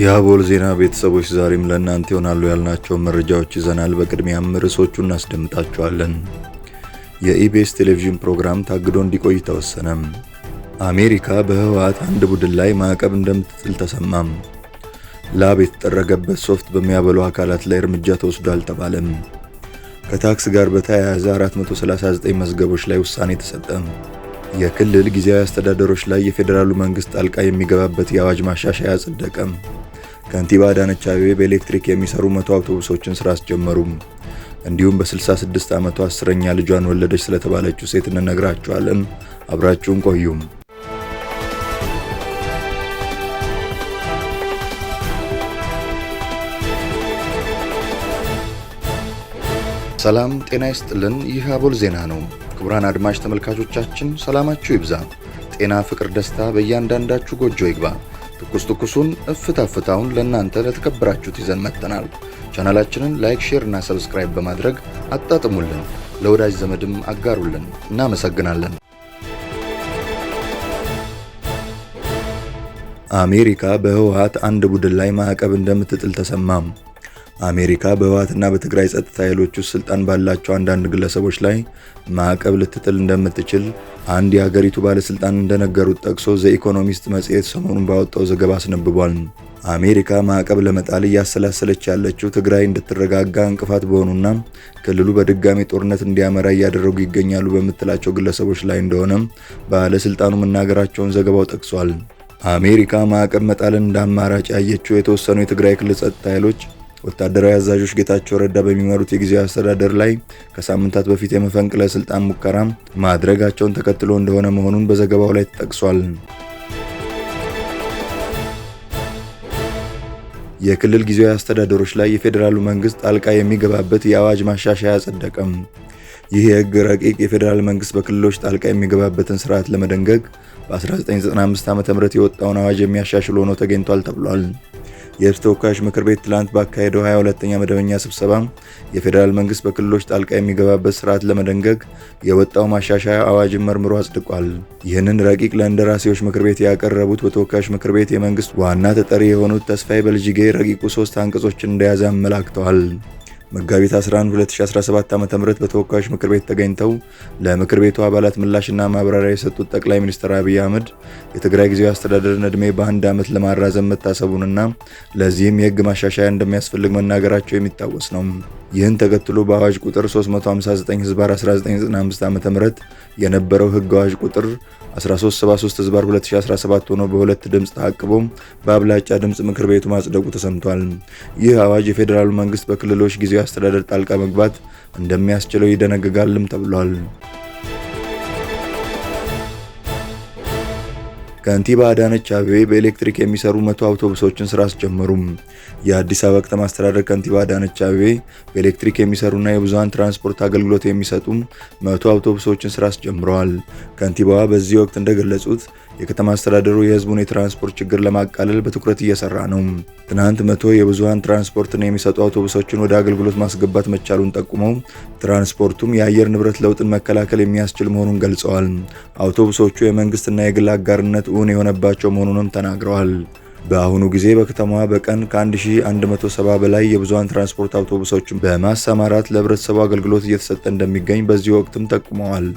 የአቦል ዜና ቤተሰቦች ዛሬም ለእናንተ ይሆናሉ ያልናቸውን መረጃዎች ይዘናል። በቅድሚያም ርዕሶቹ እናስደምጣቸዋለን። የኢቢኤስ ቴሌቪዥን ፕሮግራም ታግዶ እንዲቆይ ተወሰነም። አሜሪካ በህወሓት አንድ ቡድን ላይ ማዕቀብ እንደምትጥል ተሰማም። ላብ የተጠረገበት ሶፍት በሚያበሉ አካላት ላይ እርምጃ ተወስዶ አልተባለም። ከታክስ ጋር በተያያዘ 439 መዝገቦች ላይ ውሳኔ ተሰጠም። የክልል ጊዜያዊ አስተዳደሮች ላይ የፌዴራሉ መንግስት ጣልቃ የሚገባበት የአዋጅ ማሻሻያ አጸደቀም። ከንቲባ አዳነች አቤቤ በኤሌክትሪክ የሚሰሩ መቶ አውቶቡሶችን ስራ አስጀመሩም። እንዲሁም በ66 ዓመቷ አስረኛ ልጇን ወለደች ስለተባለችው ሴት እንነግራችኋለን። አብራችሁን ቆዩም። ሰላም ጤና ይስጥልን። ይህ አቦል ዜና ነው። ክቡራን አድማጭ ተመልካቾቻችን ሰላማችሁ ይብዛ፣ ጤና፣ ፍቅር፣ ደስታ በእያንዳንዳችሁ ጎጆ ይግባ። ትኩስ ትኩሱን እፍታ ፍታውን ለእናንተ ለተከበራችሁት ይዘን መጥተናል። ቻናላችንን ላይክ፣ ሼር እና ሰብስክራይብ በማድረግ አጣጥሙልን፣ ለወዳጅ ዘመድም አጋሩልን። እናመሰግናለን። አሜሪካ በህወሓት አንድ ቡድን ላይ ማዕቀብ እንደምትጥል ተሰማም። አሜሪካ በህወሓትና በትግራይ ጸጥታ ኃይሎች ውስጥ ስልጣን ባላቸው አንዳንድ ግለሰቦች ላይ ማዕቀብ ልትጥል እንደምትችል አንድ የሀገሪቱ ባለስልጣን እንደነገሩት ጠቅሶ ዘኢኮኖሚስት መጽሔት ሰሞኑን ባወጣው ዘገባ አስነብቧል። አሜሪካ ማዕቀብ ለመጣል እያሰላሰለች ያለችው ትግራይ እንድትረጋጋ እንቅፋት በሆኑና ክልሉ በድጋሚ ጦርነት እንዲያመራ እያደረጉ ይገኛሉ በምትላቸው ግለሰቦች ላይ እንደሆነ ባለስልጣኑ መናገራቸውን ዘገባው ጠቅሷል። አሜሪካ ማዕቀብ መጣልን እንደ አማራጭ ያየችው የተወሰኑ የትግራይ ክልል ጸጥታ ኃይሎች ወታደራዊ አዛዦች ጌታቸው ረዳ በሚመሩት የጊዜያዊ አስተዳደር ላይ ከሳምንታት በፊት የመፈንቅለ ስልጣን ሙከራ ማድረጋቸውን ተከትሎ እንደሆነ መሆኑን በዘገባው ላይ ተጠቅሷል። የክልል ጊዜያዊ አስተዳደሮች ላይ የፌዴራሉ መንግስት ጣልቃ የሚገባበት የአዋጅ ማሻሻያ አጸደቀም። ይህ የህግ ረቂቅ የፌዴራል መንግስት በክልሎች ጣልቃ የሚገባበትን ስርዓት ለመደንገግ በ1995 ዓ ም የወጣውን አዋጅ የሚያሻሽል ሆኖ ተገኝቷል ተብሏል። የህዝብ ተወካዮች ምክር ቤት ትላንት ባካሄደው 22ኛ መደበኛ ስብሰባ የፌዴራል መንግስት በክልሎች ጣልቃ የሚገባበት ስርዓት ለመደንገግ የወጣው ማሻሻያ አዋጅን መርምሮ አጽድቋል። ይህንን ረቂቅ ለእንደራሴዎች ምክር ቤት ያቀረቡት በተወካዮች ምክር ቤት የመንግስት ዋና ተጠሪ የሆኑት ተስፋዬ በልጅጌ ረቂቁ ሶስት አንቀጾችን እንደያዘ አመላክተዋል። መጋቢት 11 2017 ዓ.ም በተወካዮች ምክር ቤት ተገኝተው ለምክር ቤቱ አባላት ምላሽና ማብራሪያ የሰጡት ጠቅላይ ሚኒስትር አብይ አህመድ የትግራይ ጊዜያዊ አስተዳደርን ዕድሜ በአንድ ዓመት ለማራዘም መታሰቡንና ለዚህም የህግ ማሻሻያ እንደሚያስፈልግ መናገራቸው የሚታወስ ነው። ይህን ተከትሎ በአዋጅ ቁጥር 359 ህዝባር 1995 ዓ ም የነበረው ህግ አዋጅ ቁጥር 1373 ህዝባር 2017 ሆኖ በሁለት ድምፅ ተአቅቦም በአብላጫ ድምፅ ምክር ቤቱ ማጽደቁ ተሰምቷል። ይህ አዋጅ የፌዴራሉ መንግስት በክልሎች ጊዜያዊ አስተዳደር ጣልቃ መግባት እንደሚያስችለው ይደነግጋልም ተብሏል። ከንቲባ አዳነች አቤቤ በኤሌክትሪክ የሚሰሩ መቶ አውቶቡሶችን ስራ አስጀመሩም። የአዲስ አበባ ከተማ አስተዳደር ከንቲባ አዳነች አቤቤ በኤሌክትሪክ የሚሰሩና የብዙሃን ትራንስፖርት አገልግሎት የሚሰጡ መቶ አውቶቡሶችን ስራ አስጀምረዋል። ከንቲባዋ በዚህ ወቅት እንደገለጹት የከተማ አስተዳደሩ የህዝቡን የትራንስፖርት ችግር ለማቃለል በትኩረት እየሰራ ነው። ትናንት መቶ የብዙሃን ትራንስፖርትን የሚሰጡ አውቶቡሶችን ወደ አገልግሎት ማስገባት መቻሉን ጠቁመው ትራንስፖርቱም የአየር ንብረት ለውጥን መከላከል የሚያስችል መሆኑን ገልጸዋል። አውቶቡሶቹ የመንግስትና የግል አጋርነት እውን የሆነባቸው መሆኑንም ተናግረዋል። በአሁኑ ጊዜ በከተማዋ በቀን ከ1170 በላይ የብዙሃን ትራንስፖርት አውቶቡሶችን በማሰማራት ለህብረተሰቡ አገልግሎት እየተሰጠ እንደሚገኝ በዚህ ወቅትም ጠቁመዋል።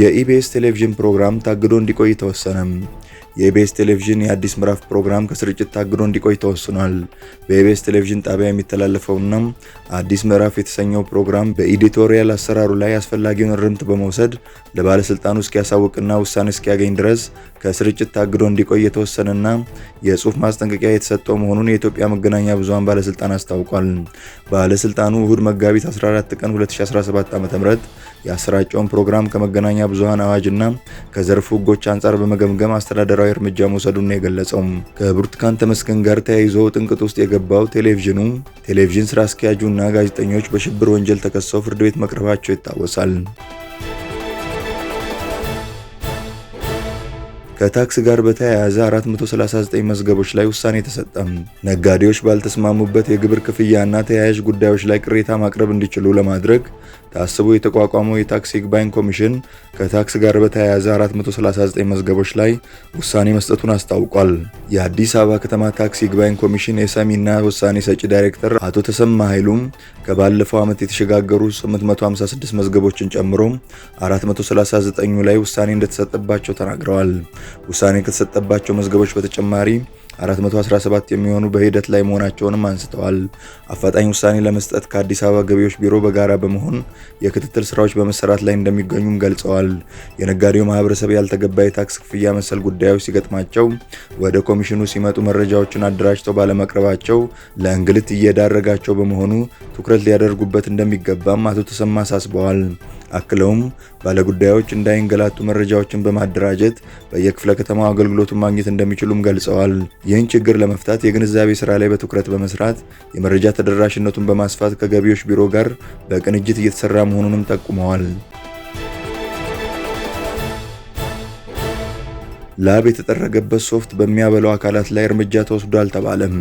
የኢቢኤስ ቴሌቪዥን ፕሮግራም ታግዶ እንዲቆይ ተወሰነም። የኢቢኤስ ቴሌቪዥን የአዲስ ምዕራፍ ፕሮግራም ከስርጭት ታግዶ እንዲቆይ ተወስኗል። በኢቢኤስ ቴሌቪዥን ጣቢያ የሚተላለፈውና አዲስ ምዕራፍ የተሰኘው ፕሮግራም በኢዲቶሪያል አሰራሩ ላይ አስፈላጊውን እርምት በመውሰድ ለባለስልጣኑ እስኪያሳውቅና ውሳኔ እስኪያገኝ ድረስ ከስርጭት ታግዶ እንዲቆይ የተወሰነና የጽሁፍ ማስጠንቀቂያ የተሰጠው መሆኑን የኢትዮጵያ መገናኛ ብዙሃን ባለስልጣን አስታውቋል። ባለስልጣኑ እሁድ መጋቢት 14 ቀን 2017 ዓ.ም ያሰራጨውን ፕሮግራም ከመገናኛ ብዙሃን አዋጅና ከዘርፉ ጎች አንጻር በመገምገም አስተዳደራዊ እርምጃ መውሰዱን የገለጸው ከብርቱካን ተመስገን ጋር ተያይዞ ጥንቅት ውስጥ የገባው ቴሌቪዥኑ ቴሌቪዥን ስራ አስኪያጁ እና ጋዜጠኞች በሽብር ወንጀል ተከሰው ፍርድ ቤት መቅረባቸው ይታወሳል። ከታክስ ጋር በተያያዘ 439 መዝገቦች ላይ ውሳኔ ተሰጠ። ነጋዴዎች ባልተስማሙበት የግብር ክፍያና ተያያዥ ጉዳዮች ላይ ቅሬታ ማቅረብ እንዲችሉ ለማድረግ ታስቦ የተቋቋመው የታክስ ይግባኝ ኮሚሽን ከታክስ ጋር በተያያዘ 439 መዝገቦች ላይ ውሳኔ መስጠቱን አስታውቋል። የአዲስ አበባ ከተማ ታክስ ይግባኝ ኮሚሽን የሰሚና ውሳኔ ሰጪ ዳይሬክተር አቶ ተሰማ ኃይሉም ከባለፈው ዓመት የተሸጋገሩ 856 መዝገቦችን ጨምሮ 439ኙ ላይ ውሳኔ እንደተሰጠባቸው ተናግረዋል። ውሳኔ ከተሰጠባቸው መዝገቦች በተጨማሪ 417 የሚሆኑ በሂደት ላይ መሆናቸውንም አንስተዋል። አፋጣኝ ውሳኔ ለመስጠት ከአዲስ አበባ ገቢዎች ቢሮ በጋራ በመሆን የክትትል ስራዎች በመሰራት ላይ እንደሚገኙም ገልጸዋል። የነጋዴው ማህበረሰብ ያልተገባ የታክስ ክፍያ መሰል ጉዳዮች ሲገጥማቸው ወደ ኮሚሽኑ ሲመጡ መረጃዎችን አደራጅተው ባለመቅረባቸው ለእንግልት እየዳረጋቸው በመሆኑ ትኩረት ሊያደርጉበት እንደሚገባም አቶ ተሰማ አሳስበዋል። አክለውም ባለጉዳዮች እንዳይንገላቱ መረጃዎችን በማደራጀት በየክፍለ ከተማው አገልግሎቱን ማግኘት እንደሚችሉም ገልጸዋል። ይህን ችግር ለመፍታት የግንዛቤ ስራ ላይ በትኩረት በመስራት የመረጃ ተደራሽነቱን በማስፋት ከገቢዎች ቢሮ ጋር በቅንጅት እየተሰራ መሆኑንም ጠቁመዋል። ላብ የተጠረገበት ሶፍት በሚያበለው አካላት ላይ እርምጃ ተወስዷል ተባለም።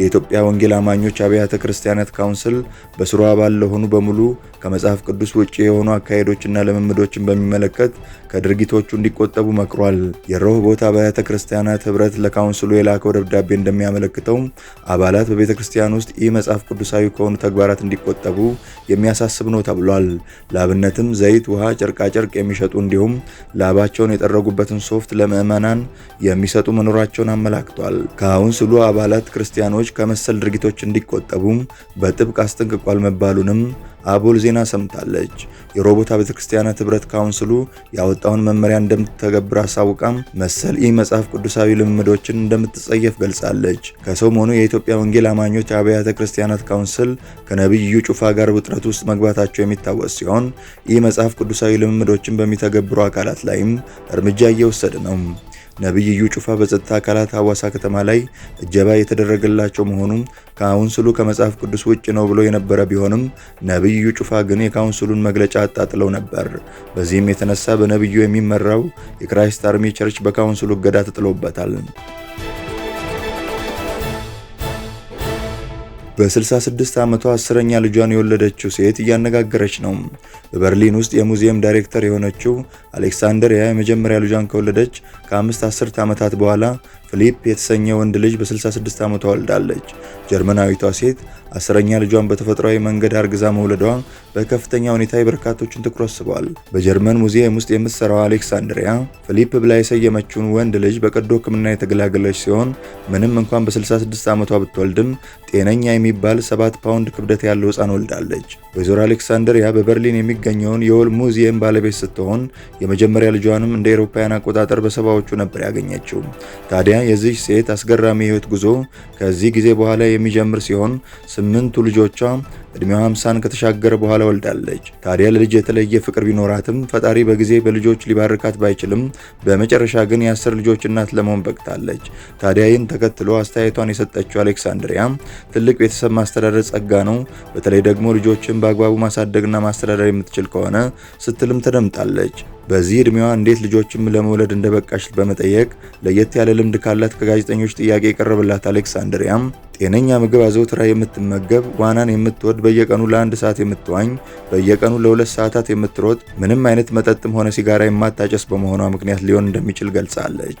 የኢትዮጵያ ወንጌል አማኞች አብያተ ክርስቲያናት ካውንስል በስሯ አባል ለሆኑ በሙሉ ከመጽሐፍ ቅዱስ ውጭ የሆኑ አካሄዶችና ልምምዶችን በሚመለከት ከድርጊቶቹ እንዲቆጠቡ መክሯል። የረሆቦት አብያተ ክርስቲያናት ህብረት ለካውንስሉ የላከው ደብዳቤ እንደሚያመለክተው አባላት በቤተ ክርስቲያን ውስጥ ይህ መጽሐፍ ቅዱሳዊ ከሆኑ ተግባራት እንዲቆጠቡ የሚያሳስብ ነው ተብሏል። ለአብነትም ዘይት፣ ውሃ፣ ጨርቃጨርቅ የሚሸጡ እንዲሁም ላባቸውን የጠረጉበትን ሶፍት ለምዕመናን የሚሰጡ መኖራቸውን አመላክቷል። ካውንስሉ አባላት ክርስቲያኖች ከመሰል ድርጊቶች እንዲቆጠቡም በጥብቅ አስጠንቅቋል መባሉንም አቦል ዜና ሰምታለች። የሮቦታ ቤተክርስቲያናት ህብረት ካውንስሉ ያወጣውን መመሪያ እንደምትተገብር አሳውቃም መሰል ይህ መጽሐፍ ቅዱሳዊ ልምምዶችን እንደምትጸየፍ ገልጻለች። ከሰው መሆኑ የኢትዮጵያ ወንጌል አማኞች አብያተ ክርስቲያናት ካውንስል ከነቢዩ ጩፋ ጋር ውጥረት ውስጥ መግባታቸው የሚታወስ ሲሆን ይህ መጽሐፍ ቅዱሳዊ ልምምዶችን በሚተገብሩ አካላት ላይም እርምጃ እየወሰደ ነው። ነቢይ እዩ ጩፋ በጸጥታ አካላት ሐዋሳ ከተማ ላይ እጀባ የተደረገላቸው መሆኑም ካውንስሉ ከመጽሐፍ ቅዱስ ውጭ ነው ብሎ የነበረ ቢሆንም ነቢይ እዩ ጩፋ ግን የካውንስሉን መግለጫ አጣጥለው ነበር። በዚህም የተነሳ በነቢዩ የሚመራው የክራይስት አርሚ ቸርች በካውንስሉ እገዳ ተጥሎበታል። በ66 ዓመቷ አስረኛ ልጇን የወለደችው ሴት እያነጋገረች ነው። በበርሊን ውስጥ የሙዚየም ዳይሬክተር የሆነችው አሌክሳንደሪያ የመጀመሪያ ልጇን ከወለደች ከአምስት አስርት ዓመታት በኋላ ፊሊፕ የተሰኘ ወንድ ልጅ በ66 ዓመቷ ወልዳለች። ጀርመናዊቷ ሴት አስረኛ ልጇን በተፈጥሯዊ መንገድ አርግዛ መውለዷ በከፍተኛ ሁኔታ የበርካቶችን ትኩረት ስቧል። በጀርመን ሙዚየም ውስጥ የምትሰራው አሌክሳንድሪያ ፊሊፕ ብላ የሰየመችውን ወንድ ልጅ በቀዶ ሕክምና የተገላገለች ሲሆን ምንም እንኳን በ66 ዓመቷ ብትወልድም ጤነኛ የሚባል 7 ፓውንድ ክብደት ያለው ሕፃን ወልዳለች። ወይዘሮ አሌክሳንድሪያ በበርሊን የሚገኘውን የወል ሙዚየም ባለቤት ስትሆን የመጀመሪያ ልጇንም እንደ አውሮፓውያን አቆጣጠር በሰባዎቹ ነበር ያገኘችው ታዲያ የዚህ ሴት አስገራሚ የህይወት ጉዞ ከዚህ ጊዜ በኋላ የሚጀምር ሲሆን ስምንቱ ልጆቿ እድሜዋ 50ን ከተሻገረ በኋላ ወልዳለች። ታዲያ ለልጅ የተለየ ፍቅር ቢኖራትም ፈጣሪ በጊዜ በልጆች ሊባርካት ባይችልም በመጨረሻ ግን የአስር ልጆች እናት ለመሆን በቅታለች። ታዲያ ይህን ተከትሎ አስተያየቷን የሰጠችው አሌክሳንድሪያ ትልቅ ቤተሰብ ማስተዳደር ጸጋ ነው፣ በተለይ ደግሞ ልጆችን በአግባቡ ማሳደግና ማስተዳደር የምትችል ከሆነ ስትልም ተደምጣለች። በዚህ እድሜዋ እንዴት ልጆችም ለመውለድ እንደበቃሽ በመጠየቅ ለየት ያለ ልምድ ካላት ከጋዜጠኞች ጥያቄ የቀረበላት አሌክሳንድሪያም ጤነኛ ምግብ አዘውትራ የምትመገብ፣ ዋናን የምትወድ፣ በየቀኑ ለአንድ ሰዓት የምትዋኝ፣ በየቀኑ ለሁለት ሰዓታት የምትሮጥ፣ ምንም አይነት መጠጥም ሆነ ሲጋራ የማታጨስ በመሆኗ ምክንያት ሊሆን እንደሚችል ገልጻለች።